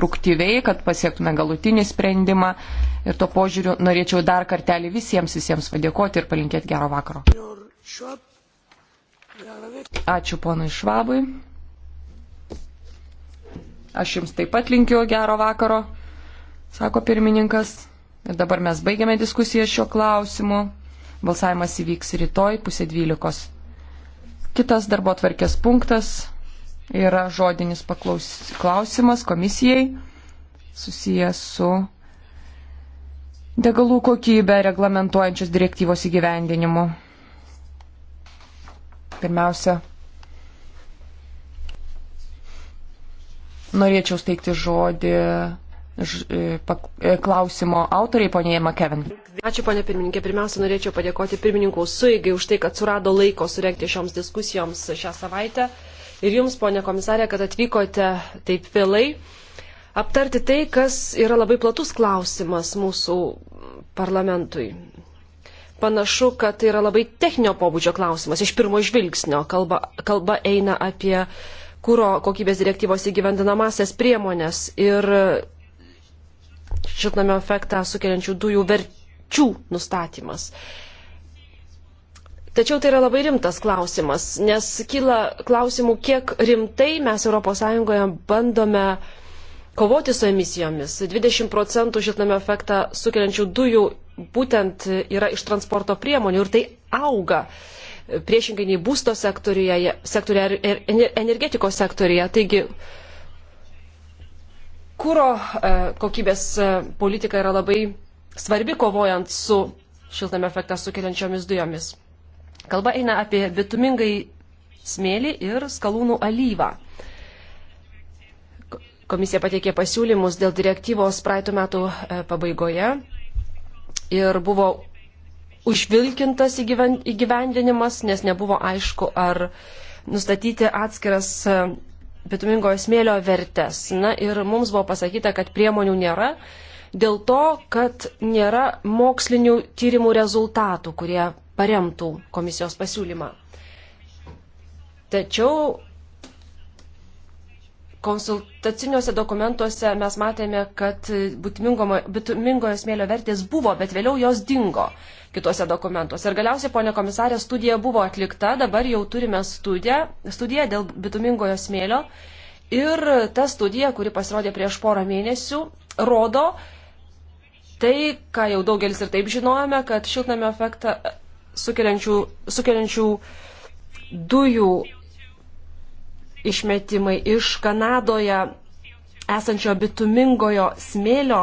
konstruktyviai, kad pasiektume galutinį sprendimą. Ir to požiūriu norėčiau dar kartelį visiems, visiems padėkoti ir palinkėti gero vakaro. Ačiū ponui Švabui. Aš jums taip pat linkiu gero vakaro, sako pirmininkas. Ir dabar mes baigiame diskusiją šiuo klausimu. Balsavimas įvyks rytoj pusė dvylikos. Kitas darbo tvarkės punktas yra žodinis klausimas komisijai susijęs su degalų kokybę reglamentuojančios direktyvos įgyvendinimu. Pirmiausia, norėčiau steigti žodį e, e, klausimo autoriai, ponė Makevin. Ačiū, ponė pirmininkė. Pirmiausia, norėčiau padėkoti pirmininkų suigai už tai, kad surado laiko surenkti šioms diskusijoms šią savaitę ir Jums, ponė komisarė, kad atvykote taip vėlai aptarti tai, kas yra labai platus klausimas mūsų parlamentui. Panašu, kad tai yra labai techninio pobūdžio klausimas. Iš pirmo žvilgsnio kalba, kalba eina apie kūro kokybės direktyvos įgyvendinamasias priemonės ir šiltnamio efektą sukeliančių dujų verčių nustatymas. Tačiau tai yra labai rimtas klausimas, nes kyla klausimų, kiek rimtai mes ES bandome kovoti su emisijomis. 20 procentų šiltnamio efektą sukeliančių dujų būtent yra iš transporto priemonių ir tai auga priešingai nei būsto sektoriuje, sektoriuje ir er, energetikos sektoriuje. Taigi, kūro e, kokybės e, politika yra labai svarbi kovojant su šiltame efektą sukeliančiomis dujomis. Kalba eina apie bitumingai smėlį ir skalūnų alyvą. Komisija pateikė pasiūlymus dėl direktyvos praeitų metų e, pabaigoje ir buvo užvilkintas įgyvendinimas, nes nebuvo aišku, ar nustatyti atskiras e, bitumingojo smėlio vertes. Na ir mums buvo pasakyta, kad priemonių nėra dėl to, kad nėra mokslinių tyrimų rezultatų, kurie paremtų komisijos pasiūlymą. Tačiau konsultaciniuose dokumentuose mes matėme, kad būtimingojo smėlio vertės buvo, bet vėliau jos dingo kituose dokumentuose. Ir galiausiai, ponė komisarė, studija buvo atlikta, dabar jau turime studiją, studiją dėl bitumingojo smėlio. Ir ta studija, kuri pasirodė prieš porą mėnesių, rodo tai, ką jau daugelis ir taip žinojame, kad šiltnamio efektą sukeliančių, sukeliančių dujų išmetimai iš Kanadoje esančio bitumingojo smėlio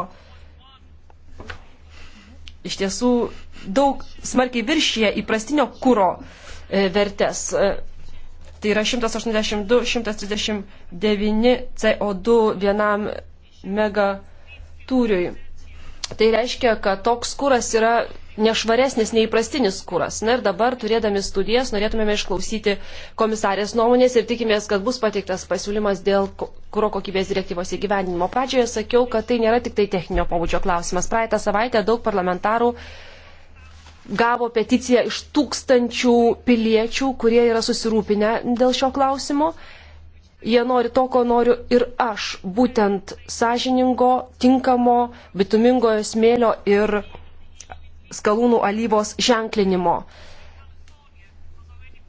iš tiesų daug smarkiai viršyje įprastinio kūro e, vertės. E, tai yra 182-139 CO2 vienam megatūriui. Tai reiškia, kad toks kūras yra nešvaresnis nei įprastinis kūras. Na ir dabar, turėdami studijas, norėtumėme išklausyti komisarės nuomonės ir tikimės, kad bus pateiktas pasiūlymas dėl kūro kokybės direktyvos įgyvendinimo. Pradžioje sakiau, kad tai nėra tik tai techninio pabudžio klausimas. Praeitą savaitę daug parlamentarų gavo peticiją iš tūkstančių piliečių, kurie yra susirūpinę dėl šio klausimo. Jie nori to, ko noriu ir aš, būtent sąžiningo, tinkamo, bitumingojo smėlio ir skalūnų alyvos ženklinimo.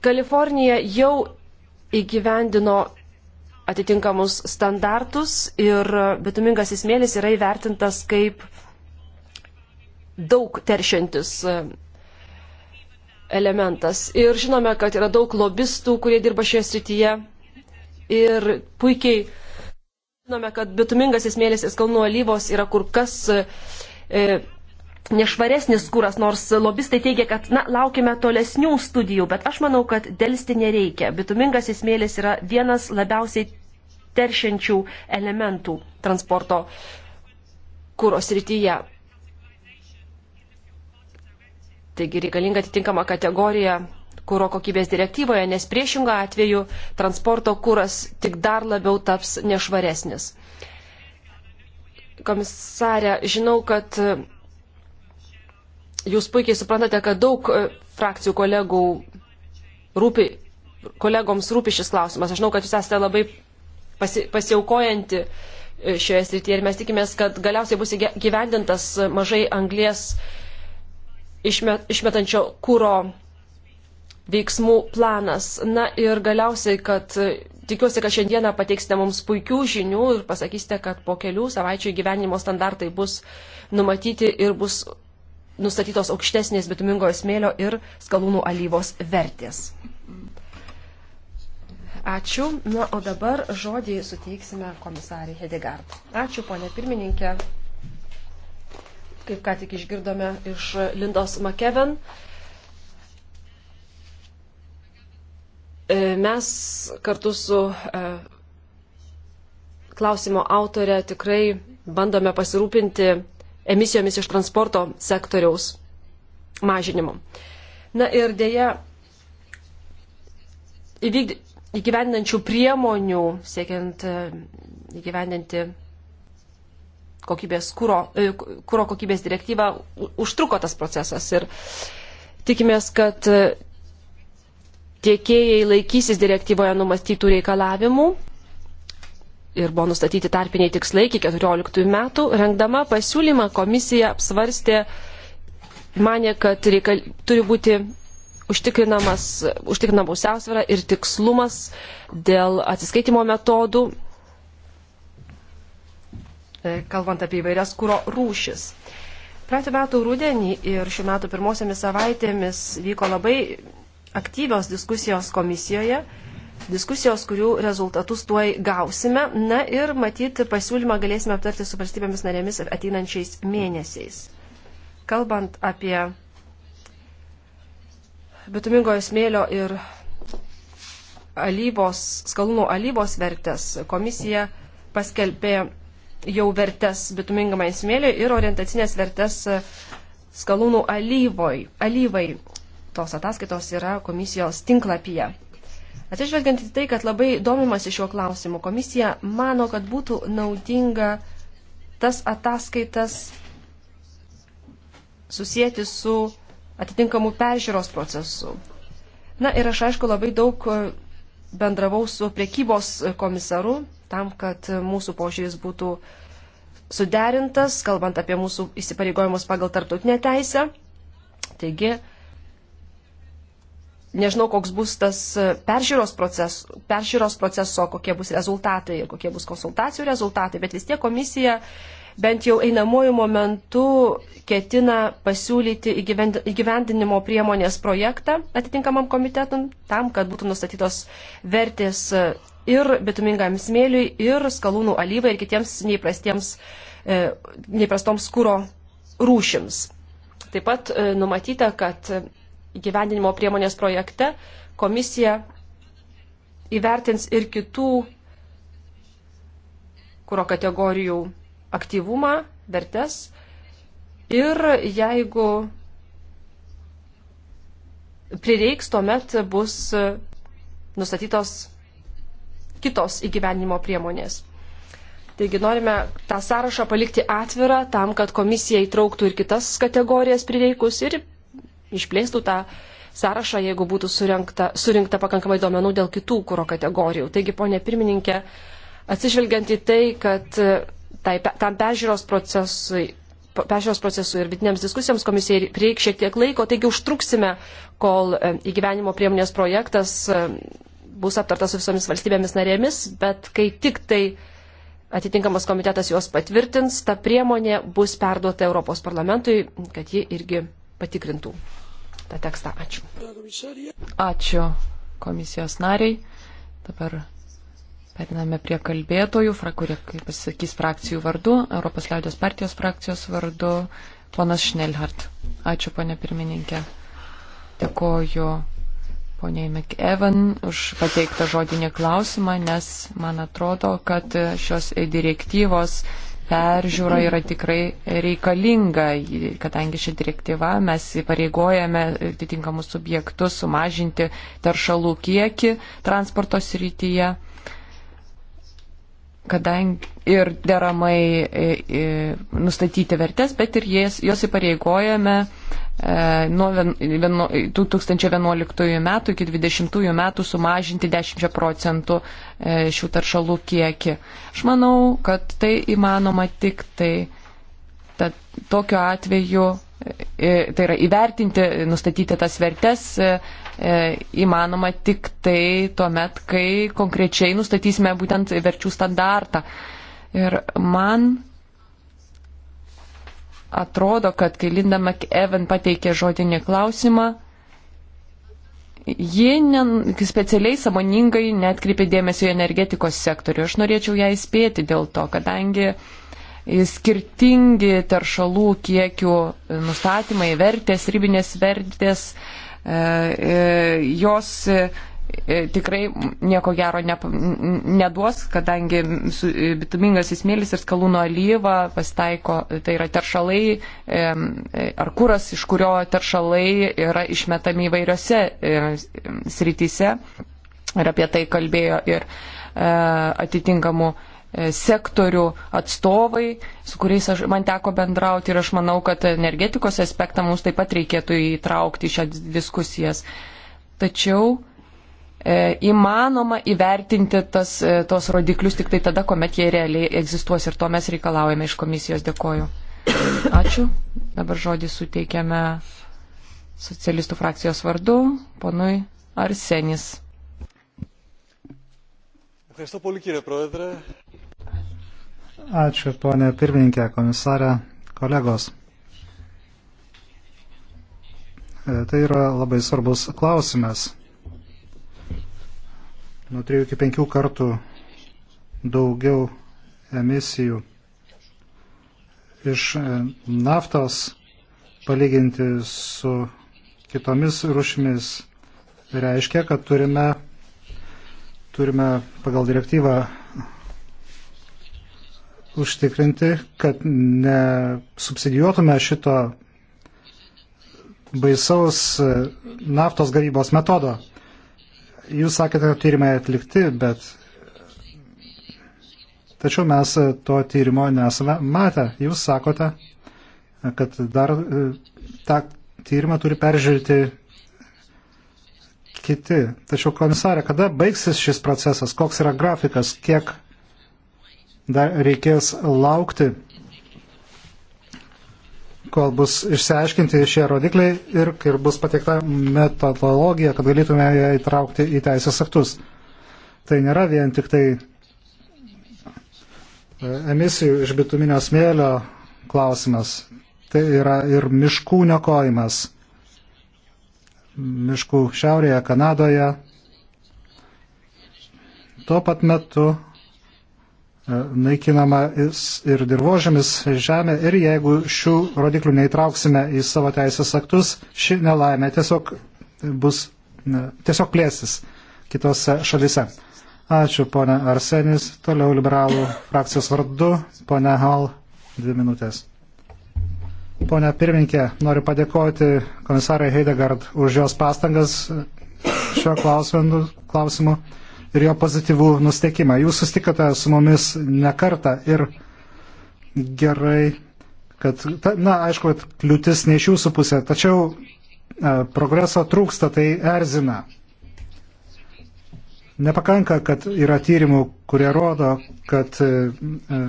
Kalifornija jau įgyvendino atitinkamus standartus ir bitumingas įsmėlis yra įvertintas kaip daug teršiantis e, elementas. Ir žinome, kad yra daug lobistų, kurie dirba šioje srityje ir puikiai žinome, kad bitumingas įsmėlis ir skalnų alyvos yra kur kas e, nešvaresnis kūras, nors lobistai teigia, kad na, laukime tolesnių studijų, bet aš manau, kad dėlsti nereikia. Bitumingas įsmėlis yra vienas labiausiai teršiančių elementų transporto kūros rytyje. Taigi reikalinga atitinkama kategorija kūro kokybės direktyvoje, nes priešingą atveju transporto kūras tik dar labiau taps nešvaresnis. Komisarė, žinau, kad Jūs puikiai suprantate, kad daug e, frakcijų kolegų rūpi, kolegoms rūpi šis klausimas. Aš žinau, kad jūs esate labai pasi, pasiaukojanti e, šioje srityje ir mes tikimės, kad galiausiai bus gyvendintas mažai anglės išmet, išmetančio kūro veiksmų planas. Na ir galiausiai, kad e, tikiuosi, kad šiandieną pateiksite mums puikių žinių ir pasakysite, kad po kelių savaičių gyvenimo standartai bus numatyti ir bus nustatytos aukštesnės bitumingojo smėlio ir skalūnų alyvos vertės. Ačiū. Na, o dabar žodį suteiksime komisarį Hedegard. Ačiū, ponė pirmininkė. Kaip ką tik išgirdome iš Lindos Makeven. E, mes kartu su e, klausimo autorė tikrai bandome pasirūpinti emisijomis iš transporto sektoriaus mažinimu. Na ir dėja, įgyvendinančių priemonių, siekiant e, įgyvendinti kokybės kūro, e, kūro kokybės direktyvą, užtruko tas procesas ir tikimės, kad e, tiekėjai laikysis direktyvoje numastytų reikalavimų ir buvo nustatyti tarpiniai tikslai iki 14 metų, rengdama pasiūlymą komisija apsvarstė, mane, kad reikal, turi būti užtikrinamas, užtikrinama pusiausvėra ir tikslumas dėl atsiskaitimo metodų, e, kalbant apie įvairias kūro rūšis. Praeitų metų rūdienį ir šių metų pirmosiamis savaitėmis vyko labai aktyvios diskusijos komisijoje diskusijos, kurių rezultatus tuoj gausime. Na ir matyti pasiūlymą galėsime aptarti su valstybėmis narėmis ateinančiais mėnesiais. Kalbant apie bitumingojo smėlio ir alyvos, skalūnų alyvos vertės, komisija paskelbė jau vertes bitumingamai smėliui ir orientacinės vertes skalūnų alyvoj, alyvai. Tos ataskaitos yra komisijos tinklapyje. Atsižvelgiant į tai, kad labai domimasi šiuo klausimu, komisija mano, kad būtų naudinga tas ataskaitas susijęti su atitinkamu peržiūros procesu. Na ir aš aišku labai daug e, bendravau su priekybos komisaru tam, kad mūsų požiūris būtų suderintas, kalbant apie mūsų įsipareigojimus pagal tarptautinę teisę. Taigi, nežinau, koks bus tas e, peržiūros, proces, peržiūros proceso, kokie bus rezultatai ir kokie bus konsultacijų rezultatai, bet vis tiek komisija bent jau einamuoju momentu ketina pasiūlyti įgyvendinimo priemonės projektą atitinkamam komitetum, tam, kad būtų nustatytos vertės e, ir bitumingam smėliui, ir skalūnų alyvai, ir kitiems neįprastiems, e, neįprastoms kūro rūšims. Taip pat numatyta, kad įgyvendinimo priemonės projekte komisija įvertins ir kitų kūro kategorijų aktyvumą, vertes. Ir jeigu prireiks, tuomet bus nustatytos kitos įgyvenimo priemonės. Taigi norime tą sąrašą palikti atvirą tam, kad komisija įtrauktų ir kitas kategorijas prireikus ir išplėstų tą sąrašą, jeigu būtų surinkta, surinkta pakankamai duomenų dėl kitų kūro kategorijų. Taigi, ponė pirmininkė, atsižvelgiant į tai, kad e, tai, tam peržiūros procesui pešios procesui ir vidinėms diskusijoms komisijai reik šiek tiek laiko, taigi užtruksime, kol e, įgyvenimo priemonės projektas e, bus aptartas su visomis valstybėmis narėmis, bet kai tik tai atitinkamas komitetas juos patvirtins, ta priemonė bus perduota Europos parlamentui, kad ji irgi patikrintų tą tekstą. Ačiū. Ačiū komisijos nariai. Dabar periname prie kalbėtojų, kurie pasisakys frakcijų vardu, Europos liaudės partijos frakcijos vardu, ponas Šnelhart. Ačiū, ponė pirmininkė. Dėkoju poniai McEvan už pateiktą žodinį klausimą, nes man atrodo, kad šios direktyvos peržiūra yra tikrai reikalinga, kadangi šią direktyvą mes įpareigojame atitinkamus subjektus sumažinti taršalų kiekį transporto srityje kadangi ir deramai e, e, nustatyti vertės, bet ir jas, jos įpareigojame E, nuo 2011 metų iki 2020 metų sumažinti 10 procentų e, šių taršalų kiekį. Aš manau, kad tai įmanoma tik tai. Tad tokiu atveju, e, tai yra įvertinti, nustatyti tas vertes įmanoma tik tai tuo met, kai konkrečiai nustatysime būtent verčių standartą. Ir man atrodo, kad kai Linda McEwen pateikė žodinį klausimą, ji ne, specialiai samoningai netkreipė dėmesio į energetikos sektorių. Aš norėčiau ją įspėti dėl to, kadangi skirtingi taršalų kiekių nustatymai, vertės, ribinės vertės, e, e, jos E, tikrai nieko gero ne, neduos, kadangi e, bitumingasis smėlis ir skalūno alyva pasitaiko, tai yra teršalai e, ar kuras, iš kurio teršalai yra išmetami įvairiose srityse. Ir apie tai kalbėjo ir atitinkamų sektorių atstovai, su kuriais aš, man teko bendrauti ir aš manau, kad energetikos aspektą mums taip pat reikėtų įtraukti į šią diskusijas. Tačiau E, įmanoma įvertinti tas, e, tos rodiklius tik tai tada, kuomet jie realiai egzistuos ir to mes reikalaujame iš komisijos. Dėkoju. Ačiū. Dabar žodį suteikiame socialistų frakcijos vardu ponui Arsenis. Ačiū, ponė pirmininkė, komisarė, kolegos. E, tai yra labai svarbus klausimas nuo 3 iki 5 kartų daugiau emisijų iš e, naftos palyginti su kitomis rušimis reiškia, kad turime, turime pagal direktyvą užtikrinti, kad nesubsidijuotume šito baisaus e, naftos gavybos metodo. Jūs sakėte, kad tyrimai atlikti, bet tačiau mes e, to tyrimo nesame matę. Jūs sakote, e, kad dar e, tą tyrimą turi peržiūrėti kiti. Tačiau, komisarė, kada baigsis šis procesas, koks yra grafikas, kiek dar reikės laukti? kol bus išsiaiškinti šie rodikliai ir kai bus pateikta metodologija, kad galėtume ją įtraukti į teisės aktus. Tai nėra vien tik tai e, emisijų iš bituminio smėlio klausimas, tai yra ir miškų nekojimas. Miškų šiaurėje, Kanadoje. Tuo pat metu E, naikinama ir dirbožėmis žemė ir jeigu šių rodiklių neįtrauksime į savo teisės aktus, ši nelaimė tiesiog bus, e, tiesiog plėsis kitose šalise. Ačiū, ponė Arsenis. Toliau liberalų frakcijos vardu, ponė Hall, dvi minutės. Pone pirminkė, noriu padėkoti komisarai Heidegard už jos pastangas šiuo klausimu. klausimu ir jo pozityvų nusteikimą. Jūs sustikate su mumis ne kartą ir gerai, kad, ta, na, aišku, kad kliūtis ne iš jūsų pusė, tačiau e, progreso trūksta, tai erzina. Nepakanka, kad yra tyrimų, kurie rodo, kad e, e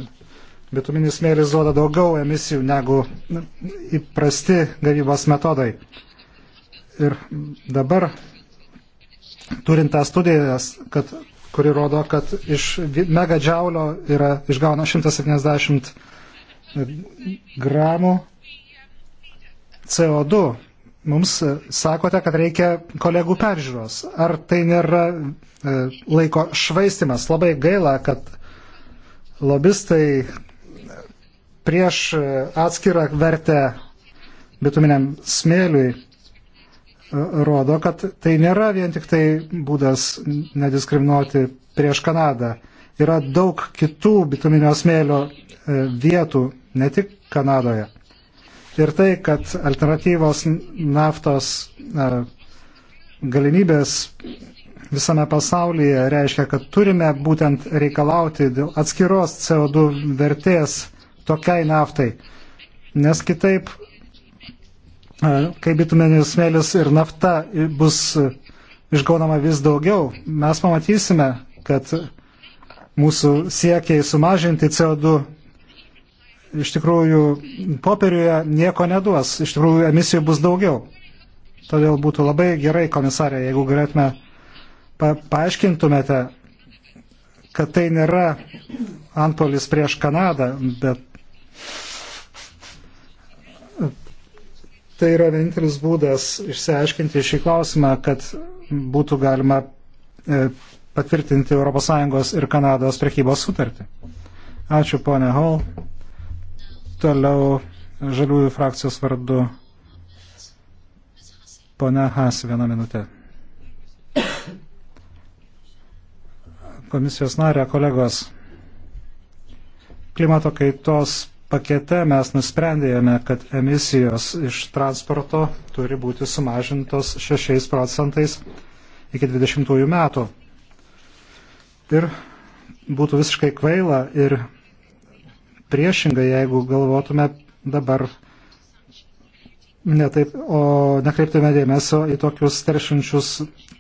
bituminis smėlis duoda daugiau emisijų negu įprasti gavybos metodai. Ir dabar turint tą studijas, kad, kuri rodo, kad iš megadžiaulio yra išgauna 170 e, gramų CO2. Mums e, sakote, kad reikia kolegų peržiūros. Ar tai nėra e, laiko švaistimas? Labai gaila, kad lobistai prieš atskirą vertę bituminiam smėliui rodo, kad tai nėra vien tik tai būdas nediskriminuoti prieš Kanadą. Yra daug kitų bituminio smėlio e, vietų, ne tik Kanadoje. Ir tai, kad alternatyvos naftos e, galimybės visame pasaulyje reiškia, kad turime būtent reikalauti dėl atskiros CO2 vertės tokiai naftai, nes kitaip E, kai bitumenis smėlis ir nafta bus e, išgaunama vis daugiau, mes pamatysime, kad mūsų siekiai sumažinti CO2 iš tikrųjų popieriuje nieko neduos, iš tikrųjų emisijų bus daugiau. Todėl būtų labai gerai, komisarė, jeigu galėtume pa paaiškintumėte, kad tai nėra antpolis prieš Kanadą, bet tai yra vienintelis būdas išsiaiškinti šį klausimą, kad būtų galima e, patvirtinti ES ir Kanados prekybos sutartį. Ačiū, ponė Hall. Toliau žaliųjų frakcijos vardu. Pone Has, vieną minutę. Komisijos narė, kolegos. Klimato kaitos pakete mes nusprendėjome, kad emisijos iš transporto turi būti sumažintos 6 procentais iki 20 metų. Ir būtų visiškai kvaila ir priešingai, jeigu galvotume dabar netaip, o nekreiptume dėmesio į tokius teršinčius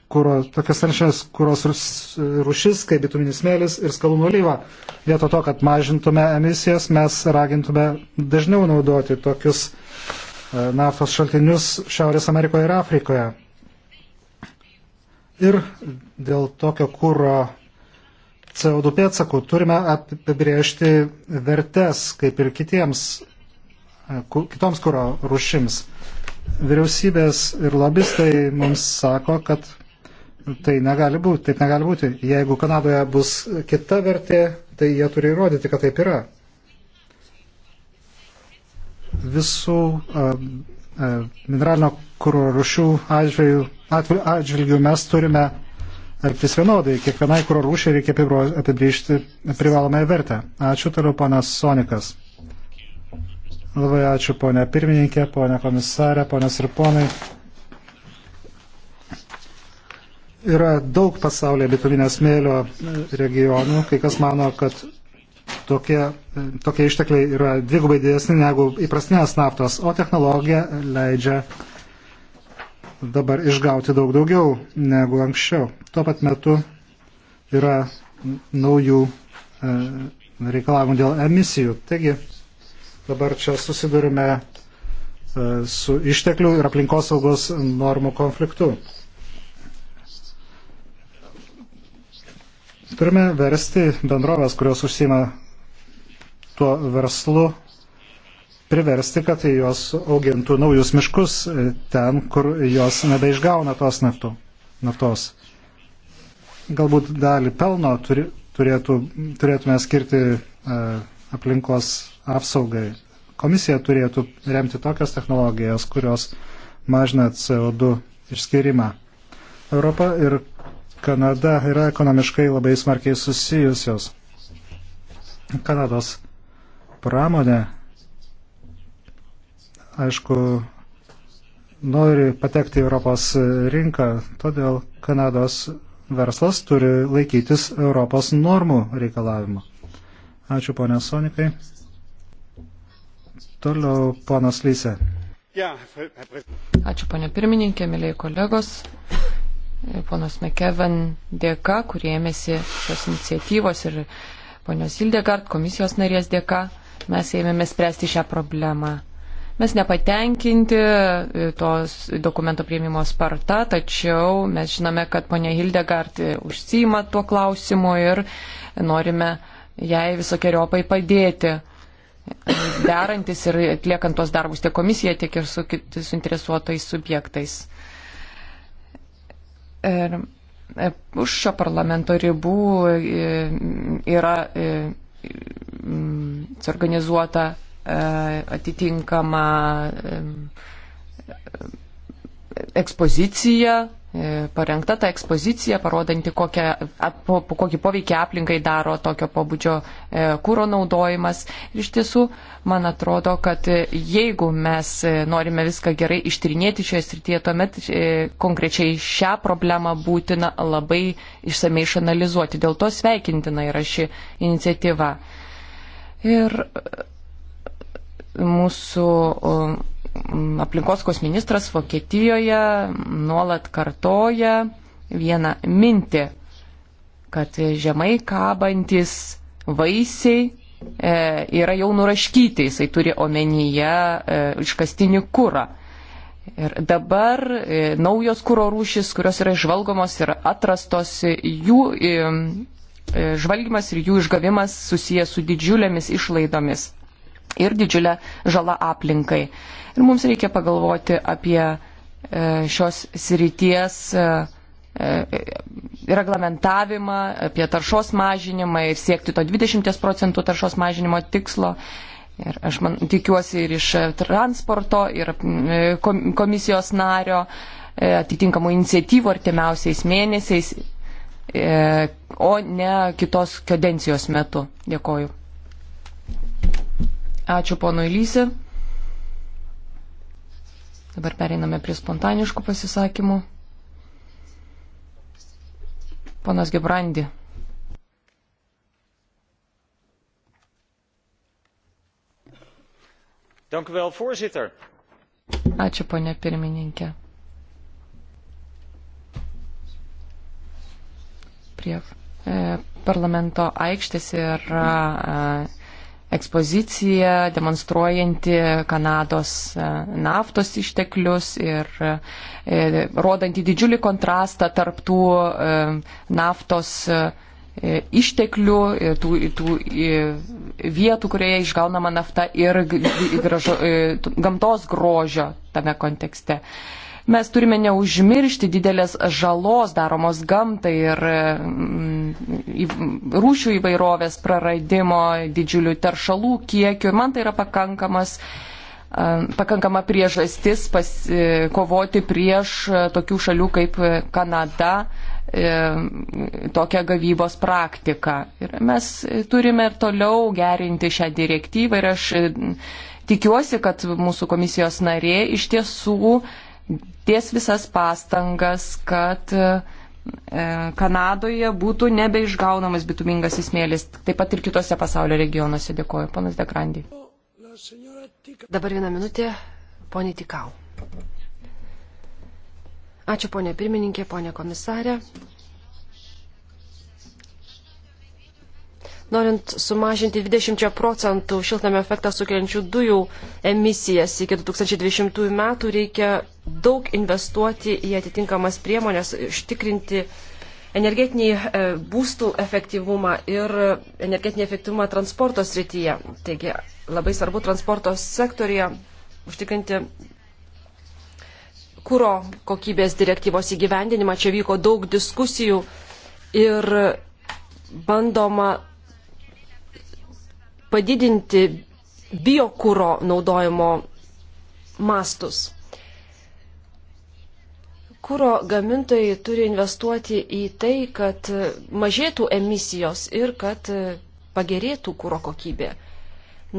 kuro, tokias taršinės kuros rušis, kaip bituminis smėlis ir skalūnų olyva. Vieto to, kad mažintume emisijas, mes ragintume dažniau naudoti tokius e, naftos šaltinius Šiaurės Amerikoje ir Afrikoje. Ir dėl tokio kūro CO2 pėdsakų turime apibriežti vertes, kaip ir kitiems, e, kitoms kūro rušims vyriausybės ir lobistai mums sako, kad Tai negali būti, taip negali būti. Jeigu Kanadoje bus kita vertė, tai jie turi įrodyti, kad taip yra. Visų a, a, mineralinio kūro rušių atžvilgių, atžvilgių mes turime elgtis vienodai. Kiekvienai kūro rūšiai reikia apibriežti privalomąją vertę. Ačiū toliau, ponas Sonikas. Labai ačiū, ponė pirmininkė, ponė komisarė, ponės ir ponai. Yra daug pasaulyje bituminės smėlio e, regionų. Kai kas mano, kad tokie, e, tokie ištekliai yra dvigubai didesni negu įprastinės naftos, o technologija leidžia dabar išgauti daug daugiau negu anksčiau. Tuo pat metu yra naujų e, reikalavimų dėl emisijų. Taigi dabar čia susidurime e, su išteklių ir aplinkosaugos normų konfliktu. Turime versti bendrovės, kurios užsima tuo verslu, priversti, kad jos augintų naujus miškus e, ten, kur jos nebeišgauna tos naftų, naftos. Galbūt dalį pelno turi, turėtų, turėtume skirti e, aplinkos apsaugai. Komisija turėtų remti tokias technologijas, kurios mažina CO2 išskirimą. Europa ir Kanada yra ekonomiškai labai smarkiai susijusios. Kanados pramonė, aišku, nori patekti į Europos rinką, todėl Kanados verslas turi laikytis Europos normų reikalavimų. Ačiū, ponė Sonikai. Toliau, ponas Lyse. Ačiū, ponė pirmininkė, mėlyje kolegos ponos McKevan dėka, kurie ėmėsi šios iniciatyvos ir ponios Hildegard komisijos narės dėka, mes ėmėme spręsti šią problemą. Mes nepatenkinti tos dokumento prieimimo sparta, tačiau mes žinome, kad ponia Hildegard užsima tuo klausimu ir norime jai visokiojopai padėti derantis ir atliekant tos darbus tiek komisija, tiek ir su suinteresuotais subjektais. Ir e, už šio parlamento ribų e, yra e, mm, suorganizuota atitinkama ekspozicija E, parengta ta ekspozicija, parodanti, kokią, ap, kokį poveikį aplinkai daro tokio pobūdžio e, kūro naudojimas. Ir iš tiesų, man atrodo, kad e, jeigu mes norime viską gerai ištrinėti šioje srityje, tuomet konkrečiai šią problemą būtina labai išsamei išanalizuoti. Dėl to sveikintina yra ši iniciatyva. Ir mūsų Mm, aplinkoskos ministras Vokietijoje nuolat kartoja vieną mintį, kad žemai kabantis vaisiai e, yra jau nuraškyti, jisai turi omenyje e, iškastinį kūrą. Ir dabar e, naujos kūro rūšis, kurios yra žvalgomos ir atrastos, jų e, e, žvalgymas ir jų išgavimas susijęs su didžiulėmis išlaidomis ir didžiulė žala aplinkai. Ir mums reikia pagalvoti apie e, šios srities e, e, reglamentavimą, apie taršos mažinimą ir siekti to 20 procentų taršos mažinimo tikslo. Ir aš man, tikiuosi ir iš transporto, ir mm, komisijos nario atitinkamų iniciatyvų artimiausiais mėnesiais, o ne kitos kadencijos metu. Dėkoju. Ačiū ponui Lysi. Dabar pereiname prie spontaniškų pasisakymų. Ponas Gebrandi. Dank u wel, voorzitter. Ačiū, ponė pirmininkė. Prie e, parlamento aikštės yra e, ekspoziciją demonstruojanti Kanados e, naftos išteklius ir e, rodanti didžiulį kontrastą tarp tų e, naftos išteklių, tų, tų vietų, kurioje išgaunama nafta ir gražo, gamtos grožio tame kontekste. Mes turime neužmiršti didelės žalos daromos gamtai ir mm, rūšių įvairovės praradimo, didžiulių teršalų kiekių. Ir man tai yra pakankamas pakankama priežastis e, kovoti prieš e, tokių šalių kaip Kanada e, tokią gavybos praktiką. Ir mes turime ir toliau gerinti šią direktyvą ir aš tikiuosi, kad mūsų komisijos narė iš tiesų dės visas pastangas, kad e, e, Kanadoje būtų nebeišgaunamas bitumingas įsmėlis, taip pat ir kitose pasaulio regionuose. Dėkoju, panas Degrandį. Dabar vieną minutę, ponė Tikau. Ačiū, ponė pirmininkė, ponė komisarė. norint sumažinti 20 procentų šiltnamio efektą sukeliančių dujų emisijas iki 2020 metų, reikia daug investuoti į atitinkamas priemonės, ištikrinti energetinį e, būstų efektyvumą ir energetinį efektyvumą transporto srityje. Taigi labai svarbu transporto sektorija užtikrinti kūro kokybės direktyvos įgyvendinimą. Čia vyko daug diskusijų ir bandoma padidinti biokūro naudojimo mastus. Kūro gamintojai turi investuoti į tai, kad mažėtų emisijos ir kad pagerėtų kūro kokybė.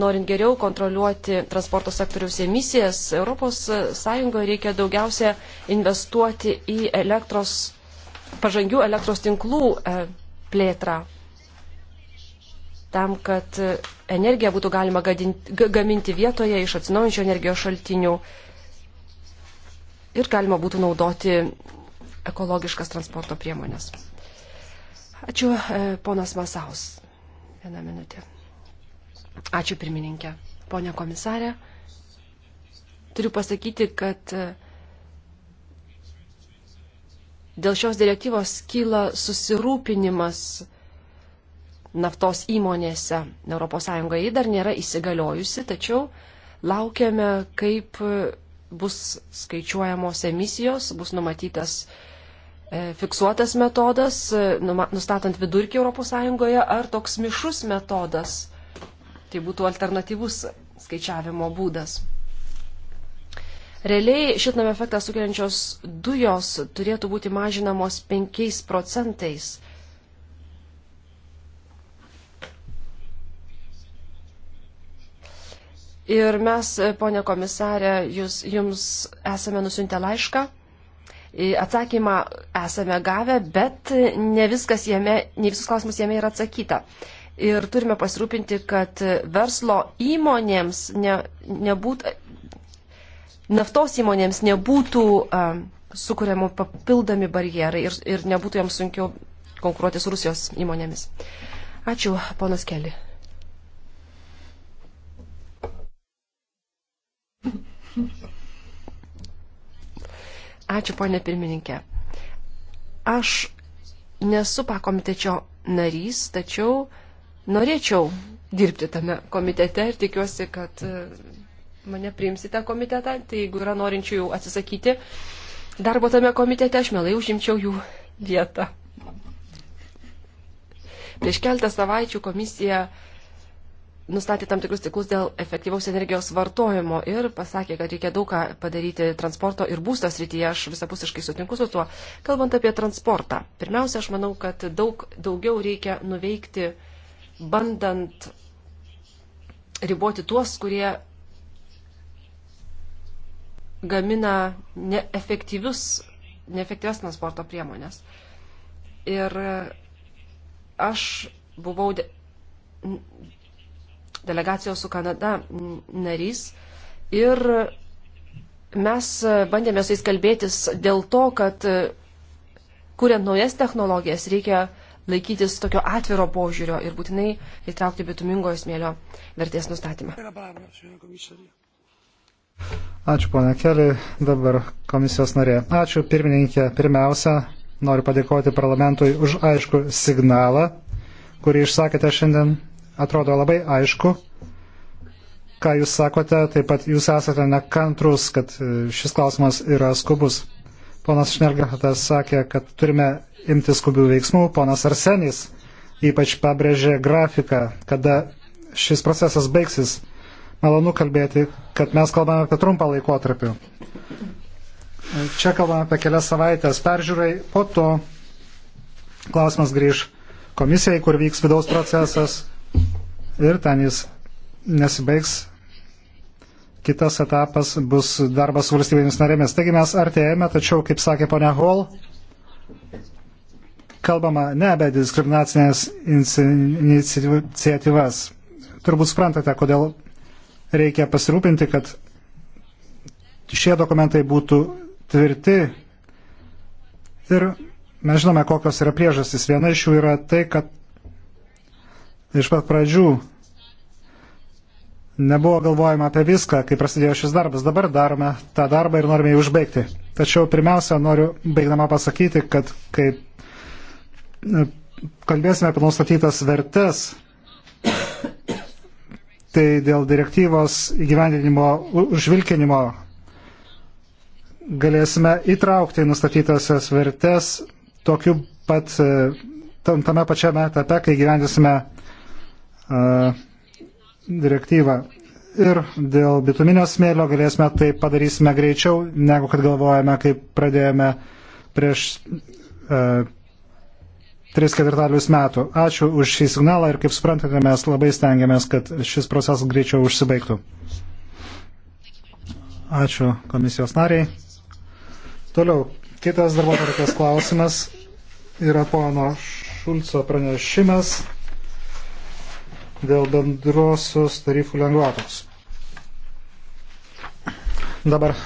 Norint geriau kontroliuoti transporto sektoriaus emisijas, ES reikia daugiausia investuoti į elektros, pažangių elektros tinklų e, plėtrą tam, kad energiją būtų galima gadinti, gaminti vietoje iš atsinaujančio energijos šaltinių ir galima būtų naudoti ekologiškas transporto priemonės. Ačiū, e, ponas Masaus. Vieną minutę. Ačiū, pirmininkė. Pone komisarė, turiu pasakyti, kad e, dėl šios direktyvos kyla susirūpinimas naftos įmonėse ES. Ji dar nėra įsigaliojusi, tačiau laukiame, kaip e, bus skaičiuojamos emisijos, bus numatytas e, fiksuotas metodas, e, nustatant vidurkį ES, ar toks mišus metodas, tai būtų alternatyvus skaičiavimo būdas. Realiai šitame efektą sukeliančios dujos turėtų būti mažinamos 5 procentais Ir mes, ponė komisarė, jūs, jums esame nusintę laišką. Atsakymą esame gavę, bet ne, viskas jame, ne visus klausimus jame yra atsakyta. Ir turime pasirūpinti, kad verslo įmonėms ne, nebūtų, naftos įmonėms nebūtų uh, sukūrėmų papildomi barjerai ir, ir nebūtų joms sunkiau konkuruoti su Rusijos įmonėmis. Ačiū, ponas Keli. Ačiū, ponė pirmininkė. Aš nesu pakomitečio narys, tačiau norėčiau dirbti tame komitete ir tikiuosi, kad e, mane priimsite komitetą. Tai jeigu yra norinčių jau atsisakyti darbo tame komitete, aš mielai užimčiau jų vietą. Prieš keltą savaičių komisija uh, nustatė tam tikrus tiklus dėl efektyvaus energijos vartojimo ir pasakė, kad reikia daug ką padaryti transporto ir būsto srityje. Aš visapusiškai sutinku su tuo. Kalbant apie transportą, pirmiausia, aš manau, kad daug daugiau reikia nuveikti, bandant riboti tuos, kurie gamina neefektyvius, neefektyvias transporto priemonės. Ir aš buvau de delegacijos su Kanada narys. Ir mes bandėme su jais kalbėtis dėl to, kad kuriant naujas technologijas reikia laikytis tokio atviro požiūrio ir būtinai įtraukti bitumingojo smėlio vertės nustatymą. Ačiū, ponia Keli, dabar komisijos narė. Ačiū, pirmininkė. Pirmiausia, noriu padėkoti parlamentui už aišku signalą, kurį išsakėte šiandien atrodo labai aišku, ką jūs sakote, taip pat jūs esate nekantrus, kad e, šis klausimas yra skubus. Ponas Šnelgatas sakė, kad turime imti skubių veiksmų, ponas Arsenis ypač pabrėžė grafiką, kada šis procesas baigsis. Malonu kalbėti, kad mes kalbame apie trumpą laikotarpį. Čia kalbame apie kelias savaitės peržiūrai, po to klausimas grįž komisijai, kur vyks vidaus procesas, ir ten jis nesibaigs. Kitas etapas bus darbas su valstybėmis narėmis. Taigi mes artėjame, tačiau, kaip sakė ponia Hall, kalbama ne apie diskriminacinės iniciatyvas. Turbūt suprantate, kodėl reikia pasirūpinti, kad šie dokumentai būtų tvirti. Ir mes žinome, kokios yra priežastys. Viena iš jų yra tai, kad iš pat pradžių nebuvo galvojama apie viską, kai prasidėjo šis darbas. Dabar darome tą darbą ir norime jį užbaigti. Tačiau pirmiausia, noriu baigdama pasakyti, kad kai e, kalbėsime apie nustatytas vertes, tai dėl direktyvos įgyvendinimo užvilkinimo galėsime įtraukti nustatytasias vertes tokiu pat, e, tam, tame pačiame etape, kai gyvendysime direktyvą. Ir dėl bituminio smėlio galėsime tai padarysime greičiau, negu kad galvojame, kai pradėjome prieš e, tris ketvirtalius metų. Ačiū už šį signalą ir kaip suprantate, mes labai stengiamės, kad šis procesas greičiau užsibaigtų. Ačiū komisijos nariai. Toliau, kitas darbo tvarkės klausimas yra pono Šulco pranešimas dėl bendrosios tarifų lengvatos. Dabar